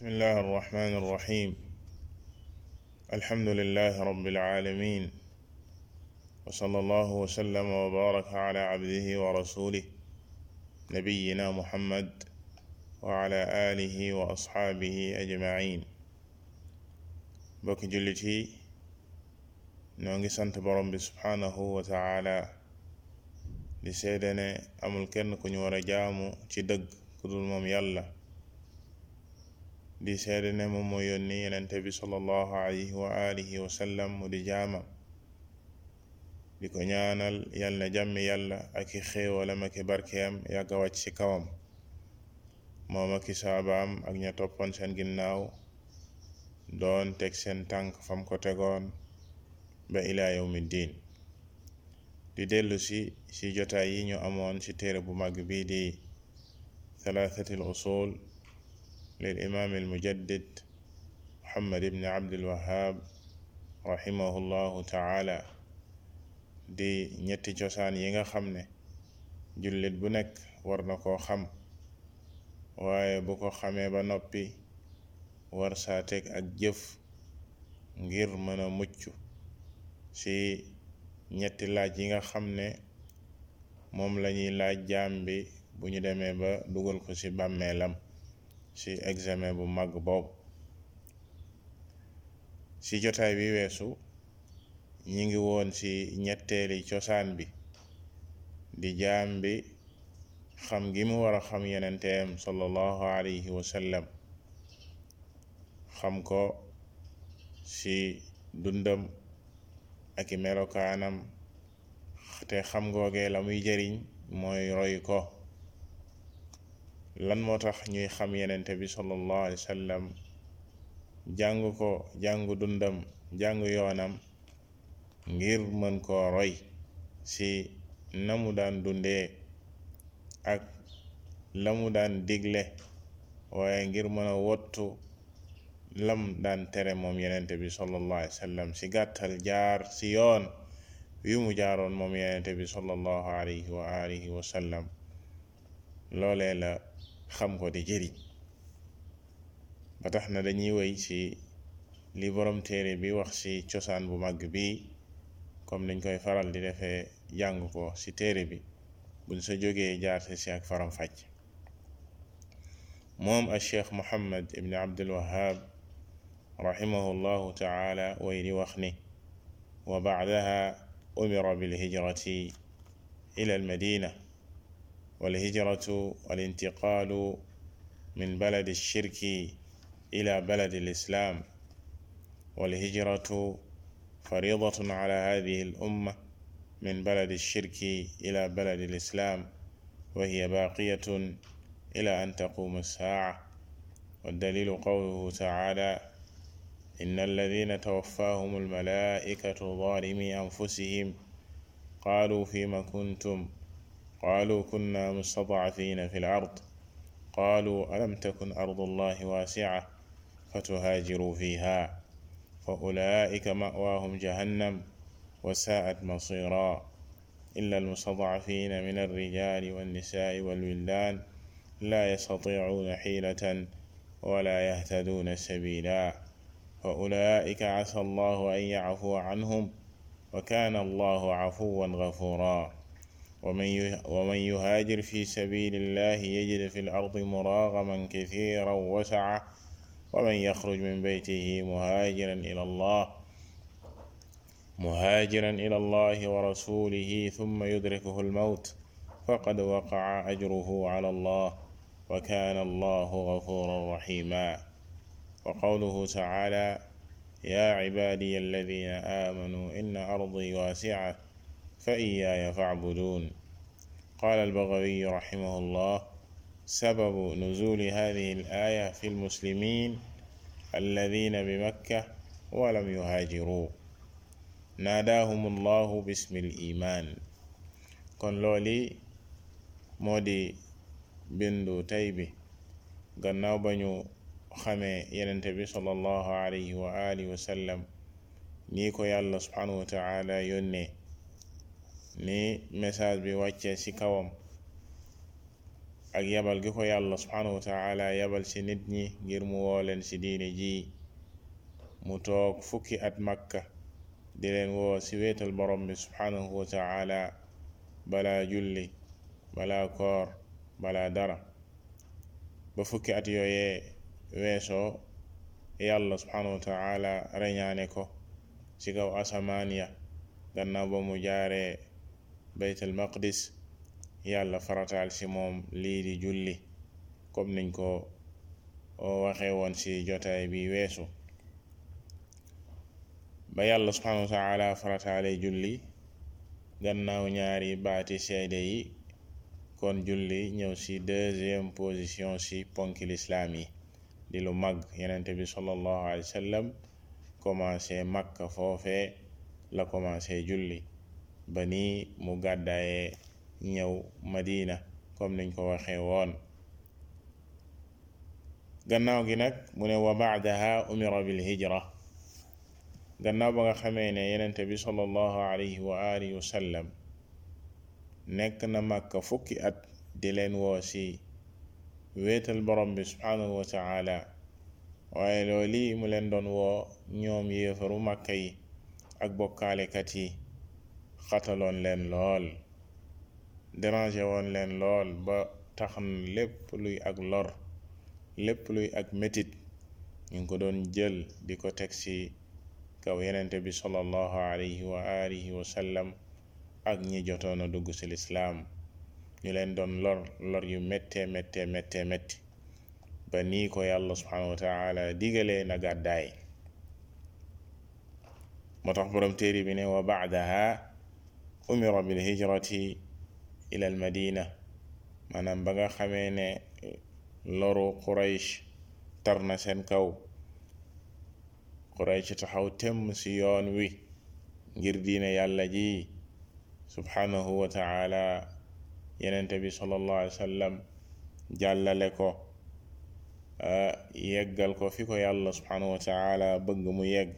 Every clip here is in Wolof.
bismillahi arrahmani irrahim alhamdulilahi rabilalamin wasala allahu wasallama wa baaraka ala abdihi wa rasulih nabiyina muhammad wa ala alihi wa asxaabihi ajmain bokki jullit yi noo ngi sant borom bi subhaanahu wa taala di seedane amul kenn ku ñu war a jaamu ci dëgg ku dul moom yàlla di seede ne moom moo yónni yenente bi sallallahu alayhi wa alihi di jaamam di ko ñaanal yalla na jàmmi yàlla ak i xéewalam ak i barkeem ci kawam moom ak i saabaam ak ña toppoon seen ginnaaw doon teg seen tànk fam ko tegoon ba ilaa yawmi di dellusi si si jotaay yi ñu amoon ci téere bu mag bii di thalathatil usul للإمام المجدد محمد بن عبد الوهاب rahimahullahu taala di ñetti cosaan yi nga xam ne jullit bu nekk war na koo xam waaye bu ko xamee ba noppi war saa teg ak jëf ngir mën a mucc ci ñetti laaj yi nga xam ne moom lañuy laaj jaam bi bu ñu demee ba dugal ko ci bàmmeelam ci examen bu màgg boobu ci jotaay bi weesu ñu ngi woon ci ñetteeli cosaan bi di jaam bi xam gi mu war a xam yenenteem sallallahu alayhi wa xam ko ci dundam aki melokaanam te xam googee la muy jëriñ mooy roy ko lan moo tax ñuy xam yenente bi sallallahu alayhi wa jàng ko jàngu dundam jàng yoonam ngir mën koo roy si na mu daan dundee ak la mu daan digle waaye ngir mën a wottu lam daan tere moom yenente bi sallallahu alayhi wa si gàttal jaar si yoon wi mu jaaroon moom yenente bi sallallahu alayhi wa alihi wa sallam loolee xam ko di jëriñ ba tax na dañuy woy ci li borom téere bi wax ci cosaan bu màgg bi comme dañ koy faral di defee jàng ko ci téere bi buñ sa jógee jaar ci ak faram moom a cheikh mohammad ibni abdul wahab rahimahullahu taala way di wax ni wa baadaha umira bilhijrati ila almadina والهجرة الانتقال من بلد الشرك إلى بلد الإسلام والهجرة فريضة على هذه الأمة من بلد الشرك إلى بلد الإسلام وهي باقية إلى أن تقوم الساعة والدليل قوله تعالى إن الذين توفاهم الملائكة ظالمي أنفسهم قالوا فيم كنتم qaaluu kunna mustadcafiina fi l-ard qaaluu alam takun ardu llahi waasica fatuhaajiruu fiihaa fa ulaa'ika ma'waahum jahannam wa saa'at masiiraa illa al-mustadcafiina mina r-rijaali wan-nisaa'i wal-wildaan laa yastatiicuuna xiilatan walaa yahtaduuna sabiilaa fa ulaa'ika casaa allahu an yacfuwa canhum wa kaana allahu cafuwan gafuuraa ومن يهاجر في سبيل الله يجد في الأرض مراغما كثيرا وسعة ومن يخرج من بيته مهاجرا إلى الله مهاجرا إلى الله ورسوله ثم يدركه الموت فقد وقع أجره على الله وكان الله غفورا رحيما وقوله تعالى يا عبادي الذين آمنوا إن أرضي واسعة فإياي فاعبدون قال البغوي رحمه الله سبب نزول هذه الآية في المسلمين الذين بمكة ولم يهاجروا ناداهم الله باسم الإيمان kon looli moo di bindu tey bi gannaaw ba ñu xamee yenente bi sallallahu alayhi wa alihi wa sallam nii ko yàlla subhanahu wa taala yónnee ni message bi wàccee ci kawam ak yabal gi ko yàlla subhanahu wa taala yabal ci nit ñi ngir mu woo ci diine ji mu toog fukki at makka di leen woo ci wéetal borom bi subhanahu wa taala balaa julli balaa koor balaa dara ba fukki at yooyee weesoo yàlla subhanahu wa reñaane ko ci kaw asamaan ya gannaaw ba mu jaaree baytul maqdis yàlla farataal ci moom lii di julli comme niñ ko waxee woon ci jotaay bi weesu ba yàlla subhanahu wa taala farataale julli gannaaw ñaari baati seede yi kon julli ñëw ci deuxième position ci ponki lislaam yi di lu mag yenente bi sallallahu alayhi wa sallam makka foofe la commencé julli ba ni mu gàddaayee ñëw Madina comme niñ ko waxee woon gannaaw gi nag mu ne wa baadaha umira bil hijra gannaaw ba nga xamee ne yenente bi sallallahu alayhi wa alihi wa nekk na màkka fukki at di leen woo ci wéetal borom bi subhaanahu wa taala waaye loolu mu leen doon woo ñoom yéefaru màkka yi ak bokkaalekat yi xataloon leen lool déranger woon leen lool ba taxan lépp luy ak lor lépp luy ak metit ñu ngi ko doon jël di ko teg ci kaw yenent bi sallallahu alayhi wa ak ñi jotoon a dugg ci lislaam ñu leen doon lor lor yu méttee méttee méttee métti ba nii ko yàlla subhanahu wa taala na gàddaay moo tax borom téere bi ne wa baadaha umira bil hijrati ila al madina maanaam ba nga xamee ne loru quraysh tar na seen kaw quraysh taxaw temm ci yoon wi ngir diine yàlla ji subhanahu wa taala yenente bi sallallahu alayhi wa sallam jàllale ko ah, yeggal ko fi ko wa taala bëgg mu yegg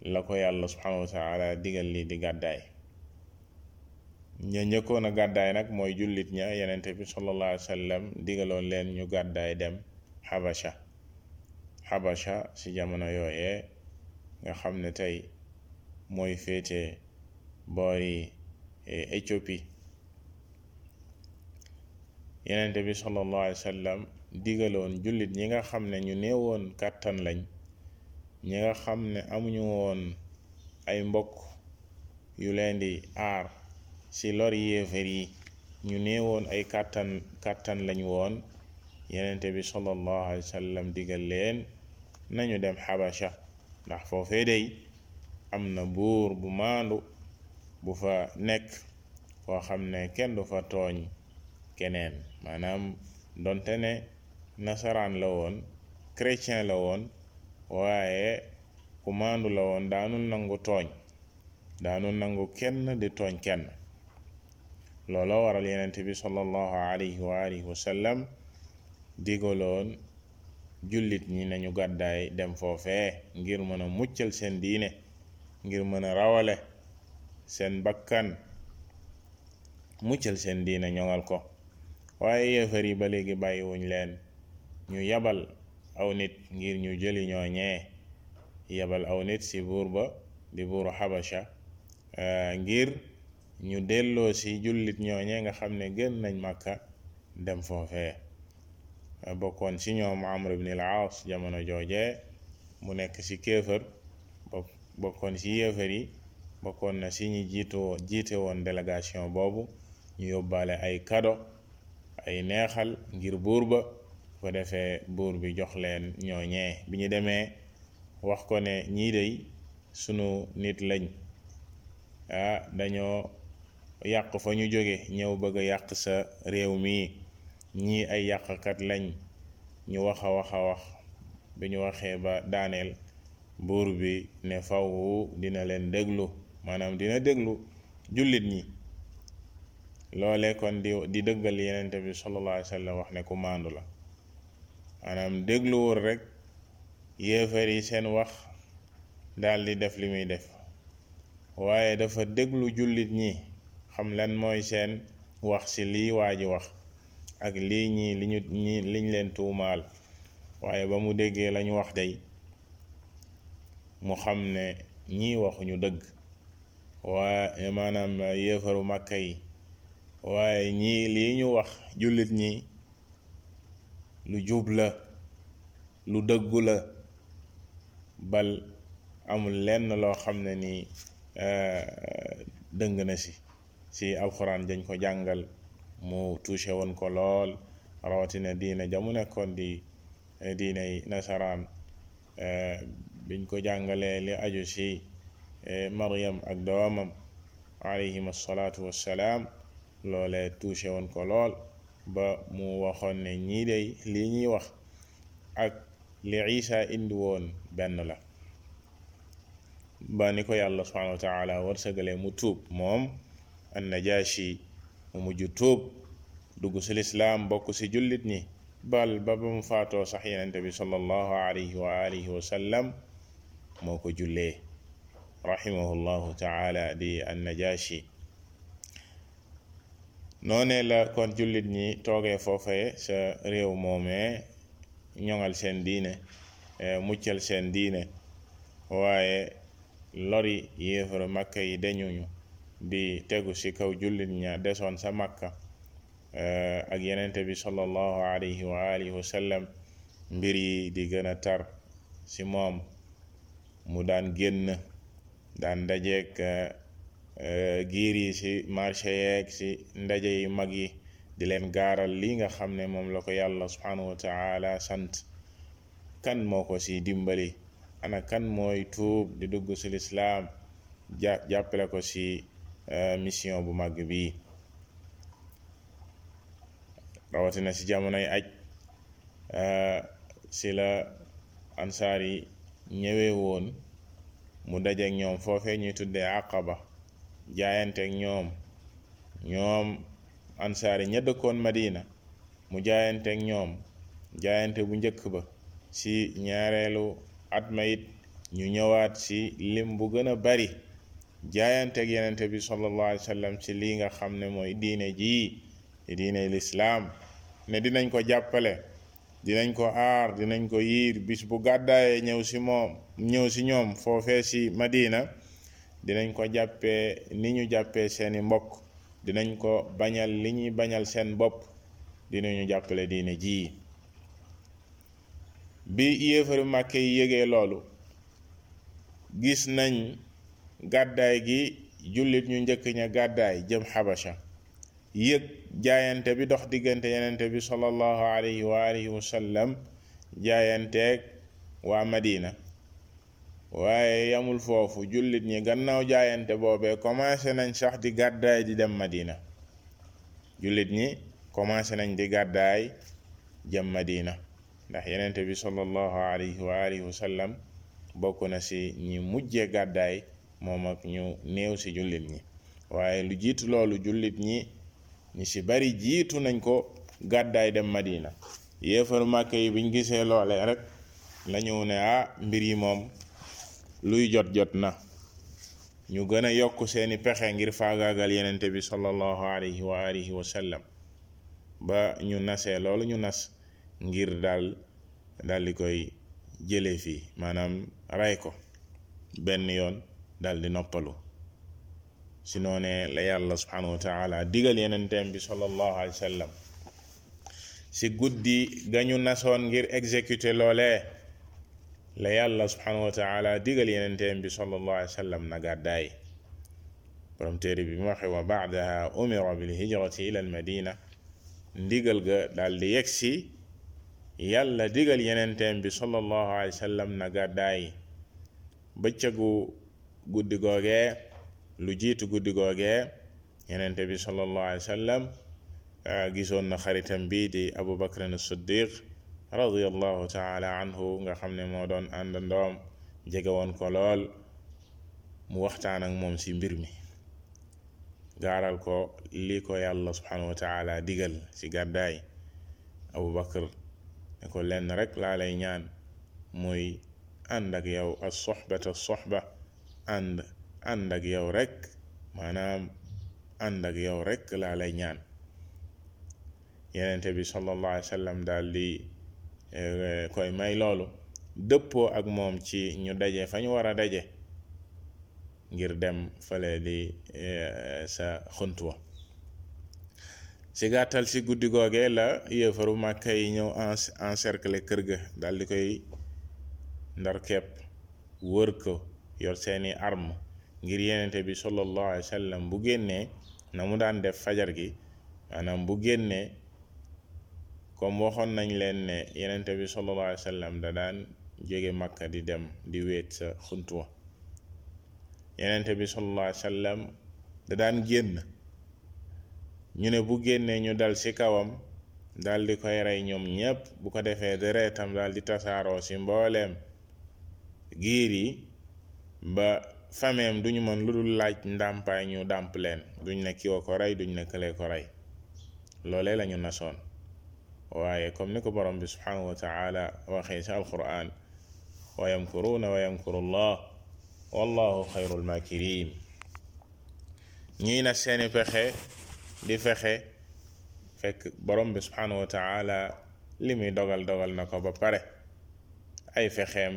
la ko yàlla subhanahu wa digal lii di gàddaay ña njëkkoon a gàddaay nag mooy jullit ña yenente bi sallallahu alayhi wa digaloon leen ñu gàddaay dem xabasha xabasha ci jamono yooyee nga xam ne tey mooy féete boori e, Éthiopie yenente bi sallallahu alayhi wa sallam digaloon jullit ñi nga xam ne ñu néewoon kàttan lañ ñi nga xam ne amuñu woon ay mbokk yu leen di aar ci lori yéeféer yi ñu néewoon ay kàttan kàttan lañu woon yenente bi sallallahu alayhi wa leen nañu dem xabasha ndax foofee day am na buur bu maandu bu fa nekk koo xam ne kenn du fa tooñ keneen maanaam donte ne nasaraan la woon chrétien la woon waaye ku maandu la woon daanul nangu tooñ daanul nangu kenn di tooñ kenn looloo waral yenent bi sallallahu alayhi wa alihi wa digaloon jullit ñi nañu gàddaay dem foofe ngir mën a muccal seen diine ngir mën a rawale seen bakkan muccal seen diine ñoŋal ko waaye yéefar yi ba léegi bàyyiwuñ leen ñu yabal aw nit ngir ñu jëli ñoo yebal aw nit si buur ba di buuru xabasha euh, ngir ñu delloo si jullit ñooñee nga xam ne gën nañ màkka dem foofee euh, bokkoon si ñoom amr ibn al aas jamono jooje mu nekk ci kéefër bokkoon ci yéefar yi bokkoon na si ñi jiite woon délégation boobu ñu yóbbaale ay kado ay neexal ngir buur ba bu ko defee buur bi jox leen ñoo ñee bi ñu demee wax ko ne ñii dey sunu nit lañ ah dañoo yàq fa ñu jóge ñëw bëgg yàq sa réew mii ñii ay yàqkat lañ ñu wax a wax a wax bi ñu waxee ba daaneel buur bi ne faw dina leen déglu maanaam dina déglu jullit ñi loole kon di di dëggal yenente bi sallallahu alayhi wax ne ku màndu la maanaam dégluwul rekk yéefar yi seen wax daldi def li muy def waaye dafa déglu jullit ñi xam lan mooy seen wax si lii waa ji wax ak lii ñii li ñu ñi liñ leen tuumaal waaye ba mu déggee lañu wax day mu xam ne ñii waxuñu dëgg waaye maanaam yéefaru màkka yi waaye ñii lii ñu wax jullit ñi lu jub la lu dëggu la bal amul lenn loo xam ne ni euh, dëng na si si alxuraan dañ ko jàngal mu touché woon ko lool rawatina diine jamu nekkoon di eh, diiney nasaraan euh, biñ ko jàngalee li aju si eh, Maryam ak doomam alayhim assalaatu salaam loolee touché woon ko lool ba mu waxoon ne ñii dey lii ñuy wax ak li isa indi woon benn la ba ni ko yàlla subhanahu wa taala wërsëgale mu tuub moom an najashi mu mujj tuub dugg ci lislaam bokk si jullit ñi bal ba mu faatoo sax yenente bi sallallahu alayhi wa moo ko jullee rahimahullahu taala di an najashi noonee la kon jullit ñi toogee foofe sa réew moomee ñoŋal seen diine eh, muccal seen diine waaye lori yéefaru makka yi dañuñu di tegu ci kaw jullit ña desoon sa makka eh, ak yenent bi sallallahu alayhi wa alihi mbir yi di gën a tar ci moom mu daan génn daan dajeek eh, Eh, giir yi ci marché yeeg ci ndaje yu mag yi di leen gaaral lii nga xam ne moom la ko yàlla subhanahu wa taala sant kan moo ko ci dimbali ana kan mooy tuub di dugg ci lislaam ja jàppale ko ci eh, mission bu mag bi rawatina ci jamonoy aj eh, ci la ansaar yi ñëwee woon mu dajeek ñoom foofee ñuy tuddee àqaba jaayante ak ñoom ñoom ansaari ña dëkkoon Madina mu jaayante ñoom jaayante bu njëkk ba ci ñaareelu at ma it ñu ñëwaat ci lim bu gën a bari jaayante ak bi sallallahu alayhi sallam ci lii nga xam ne mooy diine ji di diine lislaam ne dinañ ko jàppale dinañ ko aar dinañ ko yiir bis bu gàddaayee ñëw ci moom ñëw ci ñoom foofee ci Madina dinañ ko jàppee ni ñu jàppe seeni mbokk dinañ ko bañal li ñuy bañal seen bopp dinañu jàppale diine ji bi yéefaru màkke yi yëgee loolu gis nañ gàddaay gi jullit ñu njëkk ña gàddaay jëm xabasha yëg jaayante bi dox diggante yenente bi sallallahu alayhi wa alihi wasallam jaayanteeg waa madina waaye yamul foofu jullit ñi gannaaw jaayante boobee commencé nañ sax di gàddaay di dem Madina jullit ñi commencé nañ di gàddaay jëm Madina ndax yenent bi sallallahu alayhi wa bokk na ci ñi mujje gàddaay moom ak ñu néew si jullit ñi waaye lu jiitu loolu jullit ñi ñi ci bari jiitu nañ ko gàddaay dem Madina yéefar Màkka yi biñ gisee loole rek lañu ne ah mbir yi moom luy jot jot na ñu gën a yokk seeni pexe ngir faagaagal yenente bi sallallahu alayhi wa alihi wa sallam ba ñu nasee loolu ñu nas ngir dal daldi koy jële fii maanaam ray ko benn yoon daldi noppalu si noonee la yàlla subhanahu wa taala digal yenenteem bi sallallahu alayhi wa sallam si guddi gañu nasoon ngir exécuter loolee la yàlla subhanahu wa taala digal yenenteen bi sallallahu alayhi wa sallam na gàddaay borom bi mu waxe wa baadaha umira bil hijrati ila al madina ndigal ga daal di yegg si yàlla digal yenenteen bi sallallahu alayhi wa sallam na gàddaay bëccëgu guddi googee lu jiitu guddi googe yenente bi sallallahu alayhi wa sallam ah, gisoon na xaritam bi di abu bakrin as-siddiq radiyallahu taala anhu nga xam ne moo doon àndandoom jege woon ko lool mu waxtaan ak moom ci mbir mi gaaral ko lii ko yàlla subhanahu wa taala digal ci gàddaay abu bakar ne ko lenn rek laa lay ñaan muy ànd ak yow as soxbata soxba ànd ànd ak yow rek maanaam ànd ak yow rek laa lay ñaan yenente bi sallallahu alayhi daal di Eh, koy may loolu dëppoo ak moom ci ñu daje fa ñu war a daje ngir dem fale di eh, sa xunt wa ci gàttal si guddi googee la yéefaru màkka yi ñëw encercler kër ga dal di koy ndar kepp wër ko yor seeni arm ngir yenente bi sallallahu alayhi wa bu génnee na mu daan def fajar gi maanaam bu génnee comme waxoon nañ leen ne yenent bi sallallahu alayhi da daan jóge makka di dem di wéet sa xuntuwa yenente bi sallallahu alayhi wa da daan génn ñu ne bu génnee ñu dal ci kawam daldi koy rey ñoom ñépp bu ko defee deretam dal di tasaaroo ci mbooleem giir yi ba fameem duñu mën lu dul laaj ndàmpaay ñu dàmp leen duñ ne kiwa ko rey duñ ne kële ko rey loolee lañu nasoon waaye comme ni ko borom bi subhanahu wa taala waxee ci alquran wa yamkuruuna wa yamkuru llah wallahu xayrul makirin ñii nag seeni fexe di fexe fekk borom bi subhanahu wa li muy dogal dogal na ko ba pare ay fexeem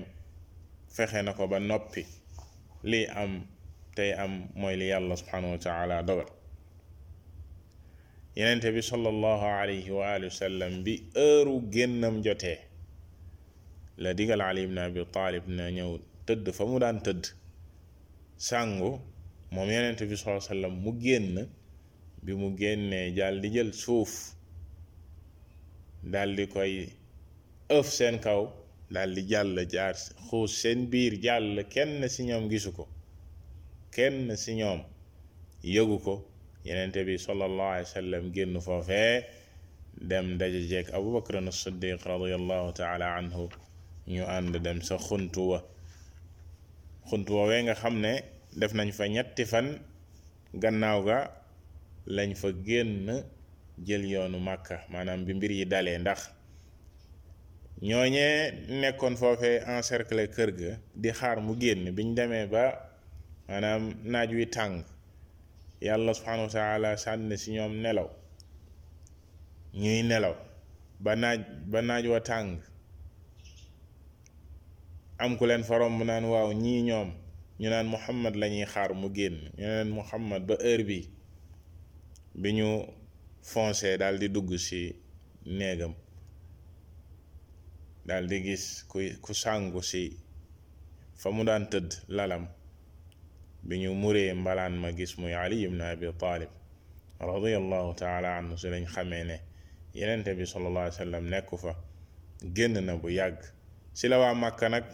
fexe na ko ba noppi lii am tey am mooy li yàlla subhanahu wa taala dogal yenente bi sallallahu alayhi wa alihi wa sallam bi heure génnam jotee la digal ali ibn abi taalib na ñëw tëdd fa mu daan tëdd sàngu moom yenente bi sallallahu wa sallam mu génn bi mu génnee daal jël suuf daldi koy ëf seen kaw daldi jàll jaar xuus seen biir jàll kenn ci ñoom gisu ko kenn ci ñoom yëgu ko yenente bi sallallahu alayhi génn foofee dem daje jeeg abubakar siddiq radiallahu taala anhu ñu ànd dem sa xuntu wa xuntu woowee nga xam ne def nañ fa ñetti fan gannaaw ga lañ fa génn jël yoonu màkka maanaam bi mbir yi dalee ndax ñooñee nekkoon foofee encercler kër ga di xaar mu génn biñ demee ba maanaam naaj wi tàng yàlla subhanahu wa taala sànni si ñoom nelaw ñuy nelaw ba naaj ba naaj wa tàng am ku leen farom bu naan waaw ñii ñoom ñu naan muhammad lañuy xaar mu génn ñu naan muhammad ba heure bi bi ñu foncé daal dugg ci néegam daldi gis ku ku sàngu si fa mu daan tëdd lalam bi ñu muree mbalaan ma gis muy ali ibn abi taalib radiallahu taala anhu si lañ xamee ne yenente bi sallallahu alayhi nekku fa génn na bu yàgg si la waa màkka nag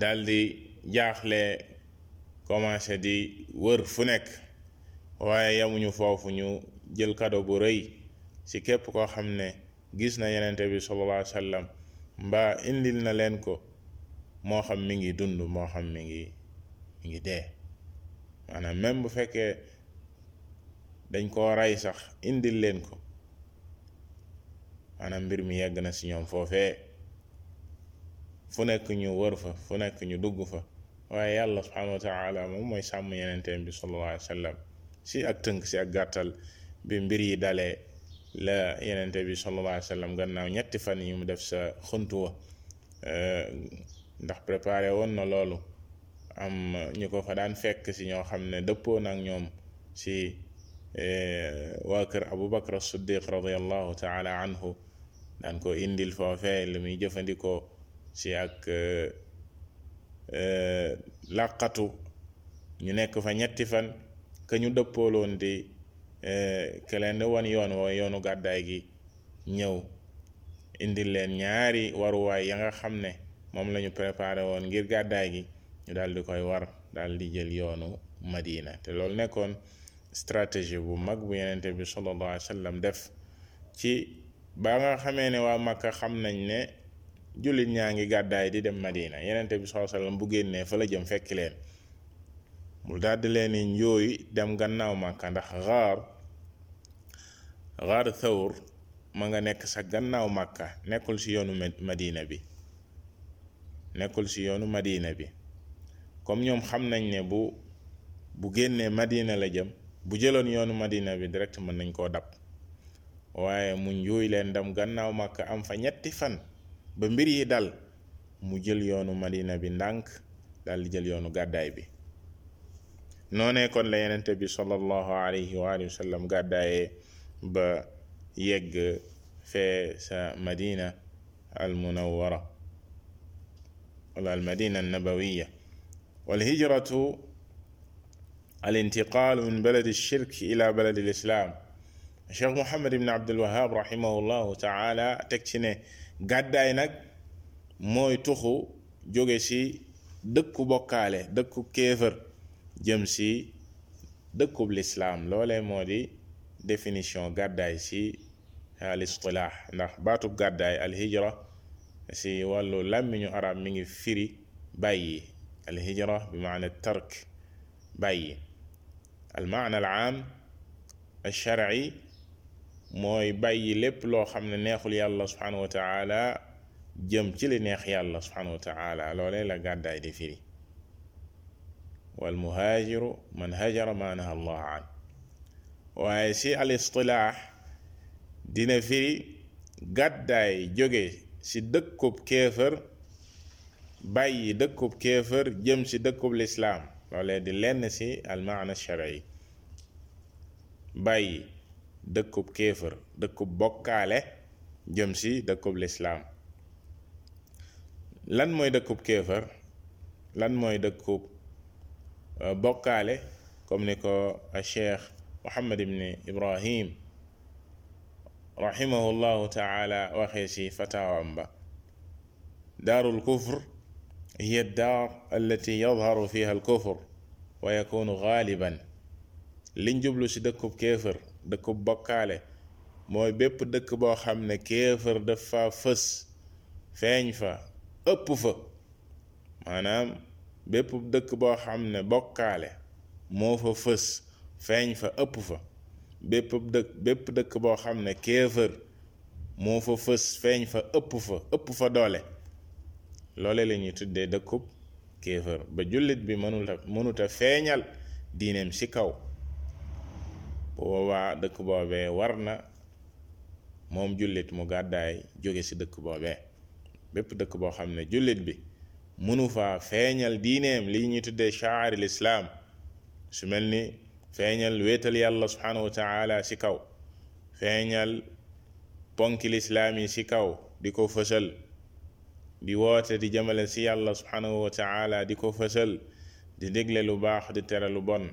daldi jaaxle commencé di wër fu nekk waaye yamuñu foofu ñu jël kado bu rëy si képp koo xam ne gis na yenent bi sallallahu alayhi mbaa indil na leen ko moo xam mi ngi dund moo xam mi ngi mu ngi dee maanaam même bu fekkee dañ koo rey sax indil leen ko maanaam mbir mi yegg na ci ñoom foofee fu nekk ñu wër fa fu nekk ñu dugg fa waaye yàlla subhanahu wa moom mooy sàmm yenenteen bi sallallahu alayhi si ak tënk si ak gàttal bi mbir yi dalee la yenente bi sallallahu alayhi gannaaw ñetti fan yi mu def sa xuntu wa ndax préparé woon na loolu am ñu ko fa daan fekk si ñoo xam ne dëppoo ak ñoom si eh, waa kër Abu Bakr as-Siddiq radiyallahu taala anhu daan ko indil foofee li muy jëfandikoo si ak eh, eh, làqatu ñu nekk fa ñetti fan ka ñu dëppooloon di ke leen wan yoon woo yoonu gàddaay gi ñëw indil leen ñaari waruwaay ya nga xam ne moom lañu ñu préparé woon ngir gàddaay gi ñu daal di koy war daal di jël yoonu Madina te loolu nekkoon stratégie bu mag bu yenente bi sallallahu alayhi def ci ba nga xamee ne waa Makka xam nañ ne jullit ñaa ngi gàddaay di dem Madina yenente bi sallallahu alayhi bu génnee fa la jëm fekk leen mu daal di leen njooy dem gannaaw Makka ndax xaar xaar ma nga nekk sa gannaaw Makka nekkul ci yoonu Madina bi nekkul ci yoonu Madina bi comme ñoom xam nañ ne bu bu génnee Madina la jëm bu jëloon yoonu Madina bi direct mën nañ koo dab waaye mu njuuy leen dam gannaaw makk am fa ñetti fan ba mbir yi dal mu jël yoonu Madina bi ndànk dal di jël yoonu gàddaay bi noonee kon la yenente bi sallallahu alayhi wa alihi wa gàddaayee ba yegg fee sa madina al munawwara wala al والهجرة الانتقال من بلد الشرك إلى بلد الإسلام Cheikh Mouhamed Ibn Abdul Wahab rahimahullahu taala teg ci ne gàddaay nag mooy tuxu jóge ci dëkku bokkaale dëkku kéefër jëm ci dëkku lislaam loolee moo di définition gàddaay ci al istilaax ndax baatub gàddaay al hijra ci wàllu làmmiñu arab mi firi bàyyi alhijra bi maana tark bàyyi almaana al aam alsharci mooy bàyyi lépp loo xam ne neexul yàlla subhanahu wa taala jëm ci li neex yàlla subhanahu wa taala loolee la gàddaay di firi walmuhaajiru man hajara ma naha allah an waaye si al istilaax dina firi gàddaay jóge si dëkkub kéefër bàyyi dëkkub kéefër ci dëkkub lislaam loolee di ci almaana shar'i bàyyi dëkkub kéefër dëkkub bokkaale jëm ci dëkkub lislaam lan mooy dëkkub kéefër lan mooy dëkkub euh, bokkaale comme ni ko cheikh Muhammad ibn Ibrahim rahimahullahu taala waxee ci fatawaam ba daarul kufr هي الدار التي يظهر فيها الكفر ويكون غالبا li jublu ci dëkku kéefër dëkkub bokkaale mooy bépp dëkk boo xam ne kéefër dafa fës feeñ fa ëpp fa maanaam bépp dëkk boo xam ne bokkaale moo fës feeñ fa ëpp fa bépp dëkk bépp dëkk boo xam ne kéefër moo fa fës feeñ fa ëpp fa ëpp fa doole loole la ñuy tuddee dëkkub kéefër ba jullit bi mënuta mënuta feeñal diineem ci kaw boobaa dëkk boobee war na moom jullit mu gàddaay jóge ci dëkk boobee bépp dëkk boo xam ne jullit bi mënu faa feeñal diineem li ñuy tuddee chaari lislaam su mel ni feeñal wéetal yàlla subhanahu ci kaw feeñal ponki lislaam yi ci kaw di ko fësal bi woote di jëmale si yàlla subhanahu wa taala di ko fësal di dégle lu baax di tere lu bon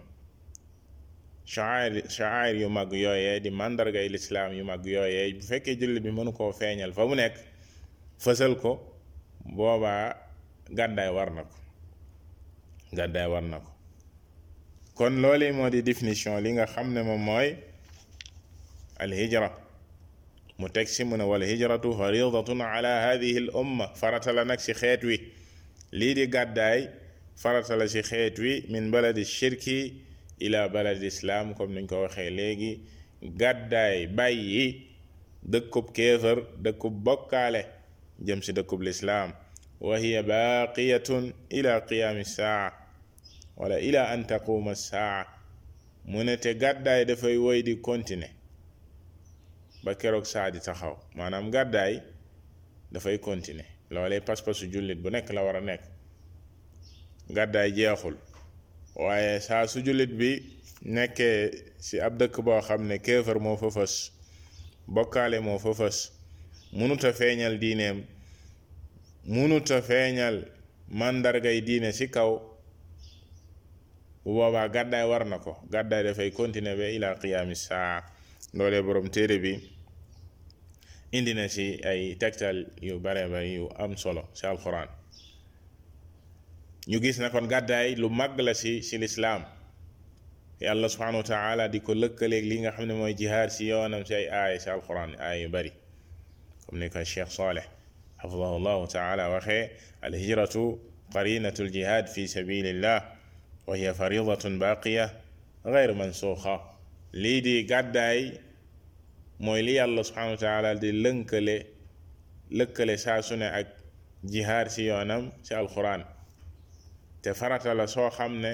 shaair shaair yu mag yooyee di màndargay lislaam yu mag yooyee bu fekkee jullit bi mënu koo feeñal fa mu nekk fësal ko boobaa gàddaay war na ko gàddaay war na ko kon loolu moo di définition li nga xam ne moom mooy al hijra mu teg si mu ne wal hijratu faridatun ala hadihi l umma farata la nag si xeet wi lii di gàddaay farata la si xeet wi min baladi shirki ila baladi islam comme niñ ko waxee léegi gàddaay bàyyi dëkkub kéefër dëkkub bokkaale jëm si dëkkub lislaam wa hiya baqiyatun ila qiyaami saa wala ila an taquuma saa mu ne te gàddaay dafay woy di continuer ba keroog saa di taxaw maanaam gàddaay dafay continuer loolee pas-pasu jullit bu nekk la war a nekk gàddaay jeexul waaye saa su jullit bi nekkee ci ab dëkk boo xam ne kéefar moo fa fës bokkaale moo fa fës mënut a feeñal diineem mënut a feeñal màndargay diine ci kaw bu boobaa gàddaay war na ko gàddaay dafay continuer ba ila qiyaami saa loolee borom téere bi indi na ci ay tegtal yu bare bare yu am solo ci alxuraan ñu gis na kon gàddaay lu màgg la ci ci lislaam yàlla subhanahu wa taala di ko lëkkaleeg li nga xam ne mooy jihaad ci yoonam ci ay aaya ci alxuraan aaya yu qarinatu aljihaad fi sabilillah wa hiya faridatun baqiya gayr mansuuxa lii di gàddaay mooy li yàlla subhanahu wa di lënkale lëkkale saa su ne ak jihaar ci yoonam ci alxuraan te farata la soo xam ne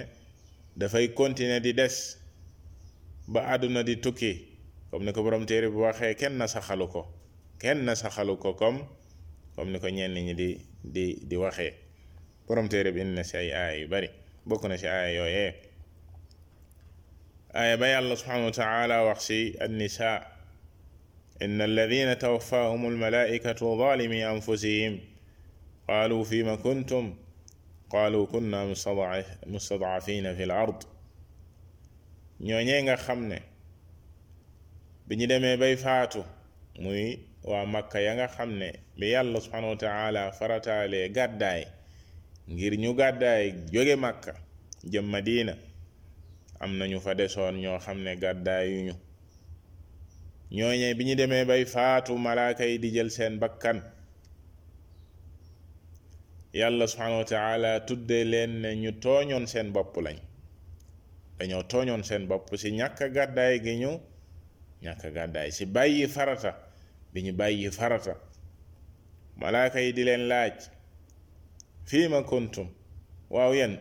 dafay continuer di des ba àdduna di tukki comme ni ko boroom téere bu waxee kenn na saxalu ko kenn na saxalu ko comme comme ni ko ñenn ñi di di di waxee boroom téere bi indi na ci ay aaya yu bari bokk na ci aaya yooyee aaya ba yàlla subhanahu wa taala wax ci annisa inna alladina tawaffahum almalaikatu zalimi anfusihim qaalu fima kuntum qaalu kunna mustadafina fi l ard ñooñee nga xam ne bi ñu demee bay faatu muy waa makka ya nga xam ne bi yàlla subhanahu wa taala farataalee gàddaay ngir ñu gàddaay jóge makka jëm madina am nañu fa desoon ñoo xam ne gàddaayuñu ñooñe bi ñu demee bay faatu malaaka yi di jël seen bakkan yàlla subhanahu wa taala tuddee leen ne ñu tooñoon seen bopp lañ dañoo tooñoon seen bopp ci ñàkk gàddaay gi ñu ñàkk gàddaay ci bàyyi farata bi ñu bàyyi farata malaaka yi di leen laaj fii ma kuntum waaw yéen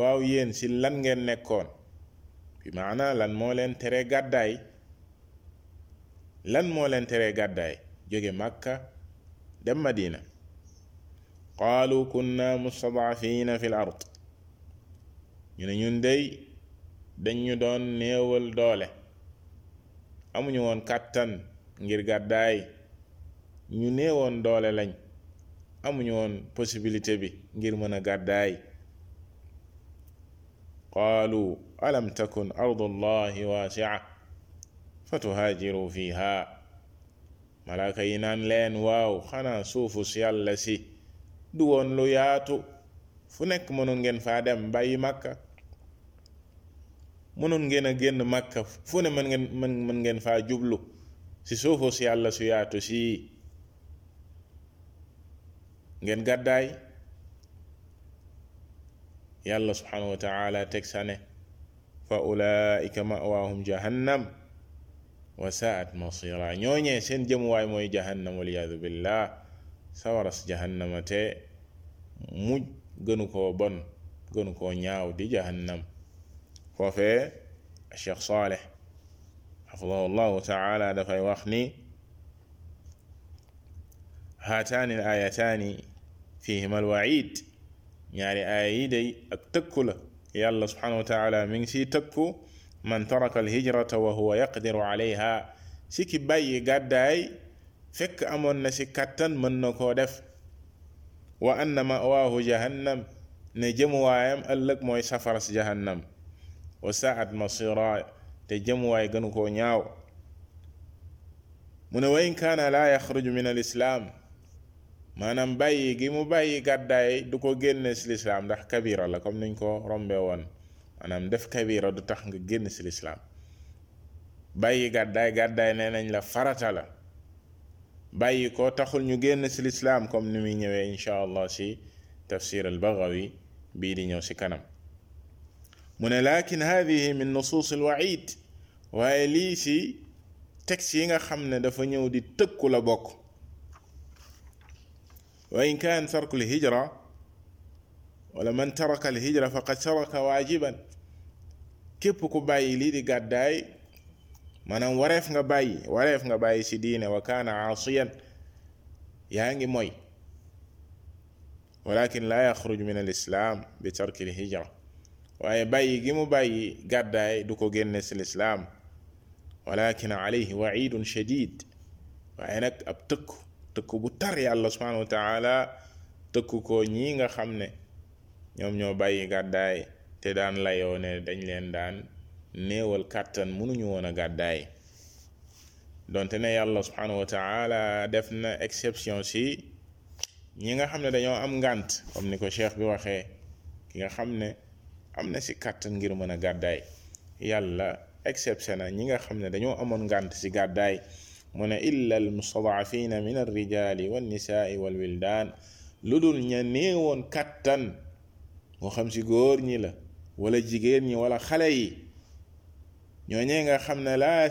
waaw yéen ci lan ngeen nekkoon bi maana lan moo leen tere gàddaay lan moo leen tere gàddaay jóge màkka dem madina qaalu kunna mustadafina fi l ard ñu ne ñun dey dañu doon néewal doole amuñu woon kàttan ngir gàddaay ñu néewoon doole lañ amuñu woon possibilité bi ngir mën a gàddaay qaalu alam takun ardu allahi waasi'a fatuhaajiru fiihaa malaaka yi naan leen waaw xanaa suufu si yàlla si du woon lu yaatu fu nekk mënoon ngeen faa dem bàyyi makka mënoon ngeen a génn makka fu ne mën ngeen mën ngeen faa jublu si suufu si yàlla su yaatu si ngeen gàddaay yàlla subhanahu wa taala teg sa ne fa ulaika mawaahum jahannam masira ñooñee seen jëmuwaay mooy jahannam waliyadu billah sawaras jahannama te mujj gënu koo bon gënu koo ñaaw di jahannam foofee cheikh saaleh xafidahu dafay wax ni haataani al fihima alwaid ñaari aaya yi day ak tëkku la yàlla subhanahu wa taala mi ngi siy tëkku man taraka alhijrata wa huwa yaqdiru alayha si ki gàddaay fekk amoon na si kàttan mën na koo def wa anna mawaahu jahannam ne jëmuwaayam ëllëg mooy safara si jahannam wa saat masira te jëmuwaay gënu koo ñaaw mu ne wa kaana laa yaxruju min al maanaam bàyyi gi mu bàyyi gàddaay du ko génne si lislaam ndax kabira la comme ñu ko rombe woon maanaam def kabira du tax nga génn si lislaam bàyyi gàddaay gàddaay nee nañ la farata la bàyyi ko taxul ñu génn si lislaam comme ni muy ñëwee incha allah si tafsir al bii di ñëw si kanam mu ne lakin hadihi min nusuus al-waid waaye lii si texte yi nga xam ne dafa ñëw di tëkku la bokk وإن كان ترك الهجرة ولمن ترك الهجرة فقد ترك waajiban képp ku bàyyi lii di gàddaay maanaam wareef nga bàyyi wareef nga bàyyi ci diine wa kaana aasiyan yaa ngi mooy walakin laa yaxruj min al islaam bi tarki al hijra waaye bàyyi gi mu bàyyi gàddaay du ko génne ci lislaam walakin alayhi waidun shadid waaye nag ab tëkku tëkk bu tar yàlla subhanahu wa taala tëkku ko ñii nga xam ne ñoom ñoo bàyyi gàddaay te daan layoo dañ leen daan néewal kàttan mënuñu woon a gàddaay doonte ne yàlla subhanahu wa def na exception si ñi nga xam ne dañoo am ngànt comme ni ko cheikh bi waxee ki nga xam ne am na si kàttan ngir mën a gàddaay yàlla exception na ñi nga xam ne dañoo amoon ngànt si gàddaay mu ne illa almustadafina min alrijali walnisaai walwildaan lu dul ña néewoon kàttan moo xam si góor ñi la wala jigéen ñi wala xale yi ñooñee nga xam ne laa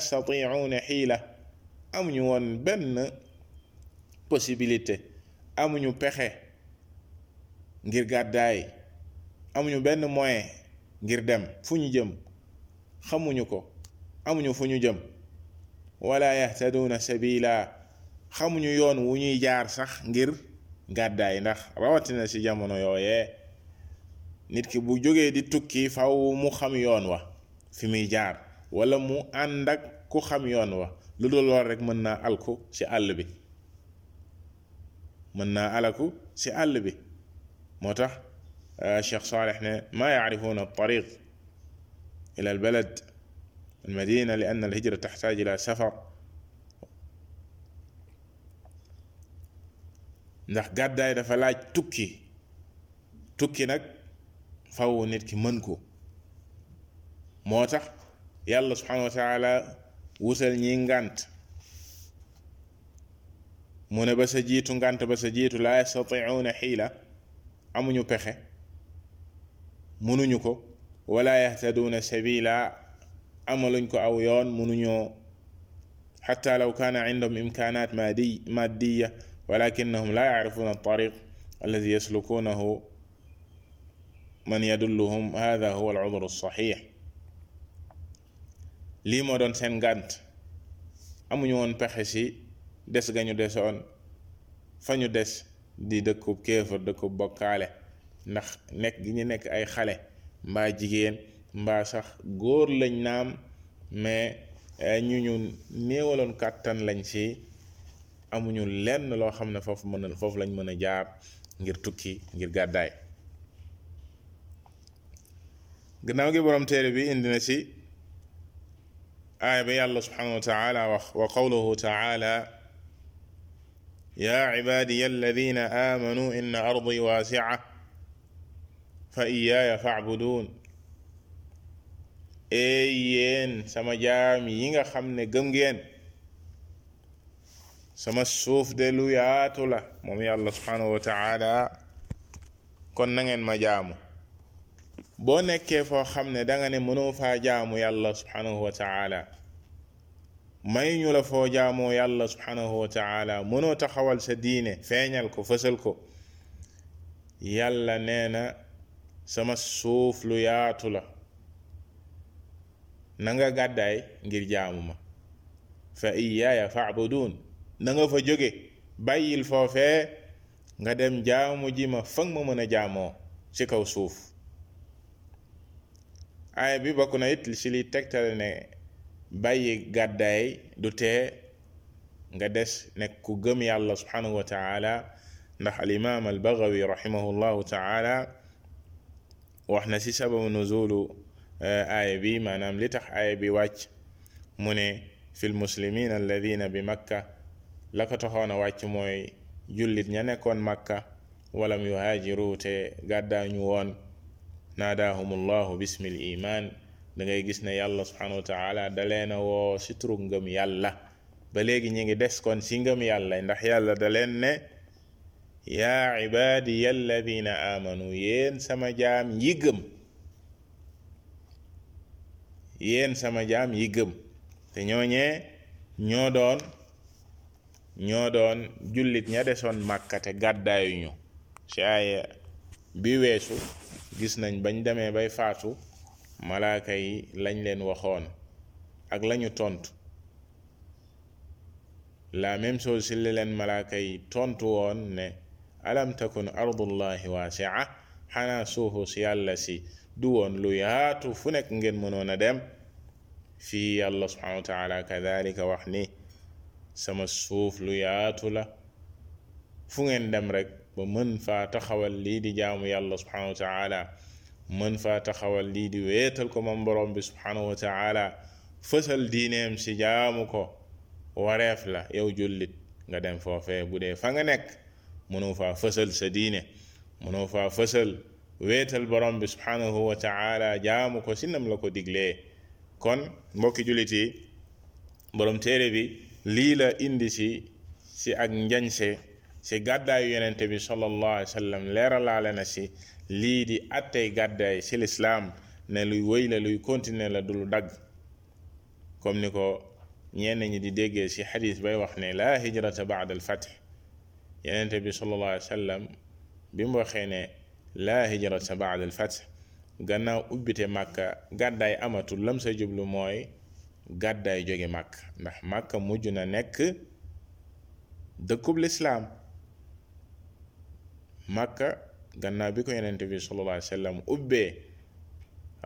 ne xiila amuñu woon benn possibilité amuñu pexe ngir gàddaay amuñu benn moyen ngir dem fu ñu jëm xamuñu ko amuñu fu ñu jëm wala yahtaduuna sabila xamuñu yoon wu ñuy jaar sax ngir gàddaay ndax rawatina ci jamono yooyee nit ki bu jógee di tukki faw mu xam yoon wa fi muy jaar wala mu ànd ak ku xam yoon wa lu dul lool rek mën naa alku ci àll bi mën alaku ci àll bi moo tax euh, Cheikh Saalix ne maa yaarifuuna tariq ila al المدينة لأن الهجرة تحتاج إلى سفر ndax gàddaay dafa laaj tukki tukki nag faw nit ki mën ko moo tax yàlla subhanahu wa taala wutal ne ba sa jiitu ngànt ba sa jiitu laa yastatiuuna xiila amuñu pexe mënuñu ko wala yahtaduuna sabila amaluñ ko aw yoon mënuñoo xataa law kaana indahum imkaanaat maadi maadiya walakinahum laa yacrifuuna altariq alladi yaslukuunahu man yadulluhum hada huwa alcudru alsaxix lii moo doon seen ngànt amuñu woon pexe si des ga ñu desoon fa ñu des di dëkkub kéefër dëkkub bokkaale ndax nekk gi ñu nekk ay xale mbaa jigéen mbaa sax góor lañ naam mais eh, ñu ñu néewaloon kàttan lañ si amuñu lenn loo xam ne foofu mën a foofu lañ mën a jaar ngir tukki ngir gàddaay gannaaw gi borom téere bi indi na si aaya ba yàlla subhanahu wa taala wax wa qawluhu taala yaa cibaadiya alladina aamanu inna ardi waasica fa iyaaya facbuduun eey eh, sama jaam yi nga xam ne gëm ngeen sama suuf de lu yaatu la moom yàlla subhaanahu wa taala kon na ngeen ma jaamu boo nekkee foo xam ne danga ne mënoo faa jaamu yàlla subhaanahu wa may ñu la foo jaamoo yàlla subhaanahu wa mënoo taxawal sa diine feeñal ko fësal ko yàlla nee na sama suuf lu yaatu la nanga gàddaay ngir jaamu ma fa iyaaya fa'budun na nga fa jóge bàyyil foofee nga dem jaamu ji ma fan ma mën a jaamoo ci kaw suuf aaya bi bokk na it ci li tegtale ne bàyyi gàddaay du tee nga des nekk ku gëm yàlla subhanahu wa ndax alimaam al raximahu llahu taala wax na ci sababu nuzulu Eh, aaya bi maanaam li tax aaya bi wàcc mu ne fil muslimin alladina bi makka la ko taxoon a wàcc mooy jullit ña nekkoon makka walam yuhaajiru te gàddaa ñu woon naadaahumullahu bismil iman da ngay gis ne yàlla subhanahu wa da leen woo si turu ngëm yàlla ba léegi ñu ngi des kon si ngëm yàlla ndax yàlla da leen ne yaa ibaadiya alladina amanu yéen sama jaam yi gëm yéen sama jaam yi gëm te ñooñee ñoo doon ñoo doon jullit ña desoon màkkate gàddaayuñu ci aaya bi weesu gis nañ bañ demee bay faatu malaaka yi lañ leen waxoon ak lañu tontu la même chose ci li leen malaaka yi tontu woon ne alam takun ardullahi waasia xanaa suufu si yàlla si du woon lu yaatu fu nekk ngeen mënoon a dem fi yàlla subhanahu wa taala wax ni sama suuf lu yaatu la fu ngeen dem rek ba mën faa taxawal lii di jaamu yàlla subhanahu wa taala mën faa taxawal lii di weetal ko moom borom bi subhanahu wa fësal diineem si jaamu ko wareef la yow jullit nga dem foofee bu dee fa nga nekk mënoo faa fësal sa diine mënoo faa fësal wéetal borom bi subhanahu wa taala jaamu ko sinam la ko diglee kon mbokki jullit yi borom téere bi lii la indi si si ak njañse si gàddaayu yonente bi sallallahu alayhi leeralaale na si lii di attey gàddaay si lislaam ne luy wéy la luy continuer la du dagg comme ni ko ñenn ñi di déggee si xadis bay wax ne laa hijrata baada al fath yonente bi sallallahu alayhi bi mu ne laa hijrata ba'da al-fath gannaaw ubbite màkka gàddaay amatul lam sa jublu mooy gàddaay jóge màkk ndax màkka mujj na nekk dëkkub lislaam gannaaw bi ko yonent bi sallallahu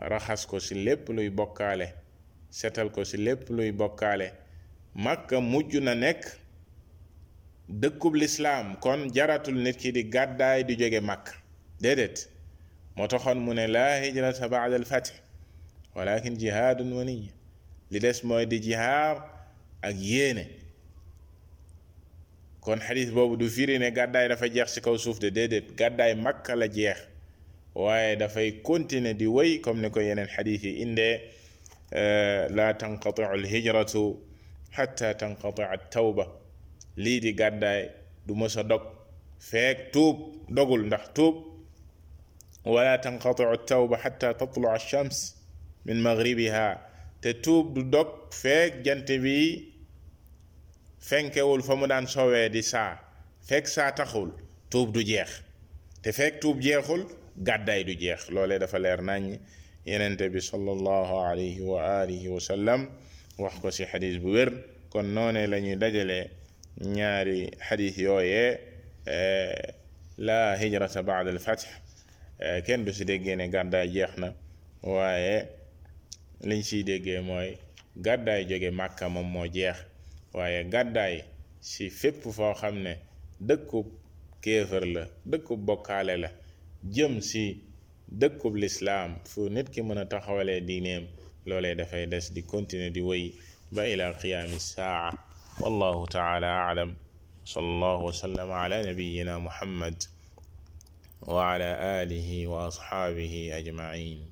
raxas ko ci lépp luy setal ko ci lépp luy bokkaale màkka mujj na nekk dëkkub lislaam kon jaratul nit ki di gàddaay di jóge màkk déedéet moo taxoon mu ne laa hijrata baada al fath walakin jihaadun wa li des mooy di jihaar ak yéene kon xadis boobu du firi ne gàddaay dafa jeex ci kaw suuf de déedéet gàddaay makka la jeex waaye dafay continuer di wéy comme ni ko yeneen xadis yi indee euh, laa tanqatiu alhijratu xatta tanqatia tawba lii di gàddaay du mës a dog feek tuub dogul ndax tuub wala tanqatiu tawba xata tatlua alchams min maghribiha te tuub du dog feek jant bi fenkewul fa mu daan soowee di saa fekk saa taxul tuub du jeex te fekk tuub jeexul gàddaay du jeex loole dafa leer nañ yenente bi sallallahu alayhi wa alihi wax ko ci xadis bu wér kon noone la ñuy dajale ñaari xadis yooyee eh, la hijrata ba'da al-fath Euh, kenn du si déggee ne gàddaay jeex na waaye liñ siy déggee mooy gàddaay jóge màkkamam moo jeex waaye gàddaay si fépp foo xam ne dëkkub kéefër la dëkkub bokkaale la jëm si dëkkub lislaam fu nit ki mën a taxawalee diineem loole dafay des di continuer di wéy ba ila qiyaami saa wallahu taala aalam wa sallallahu wa sallama muhammad wa ala alihi wa ashaabihi ajmain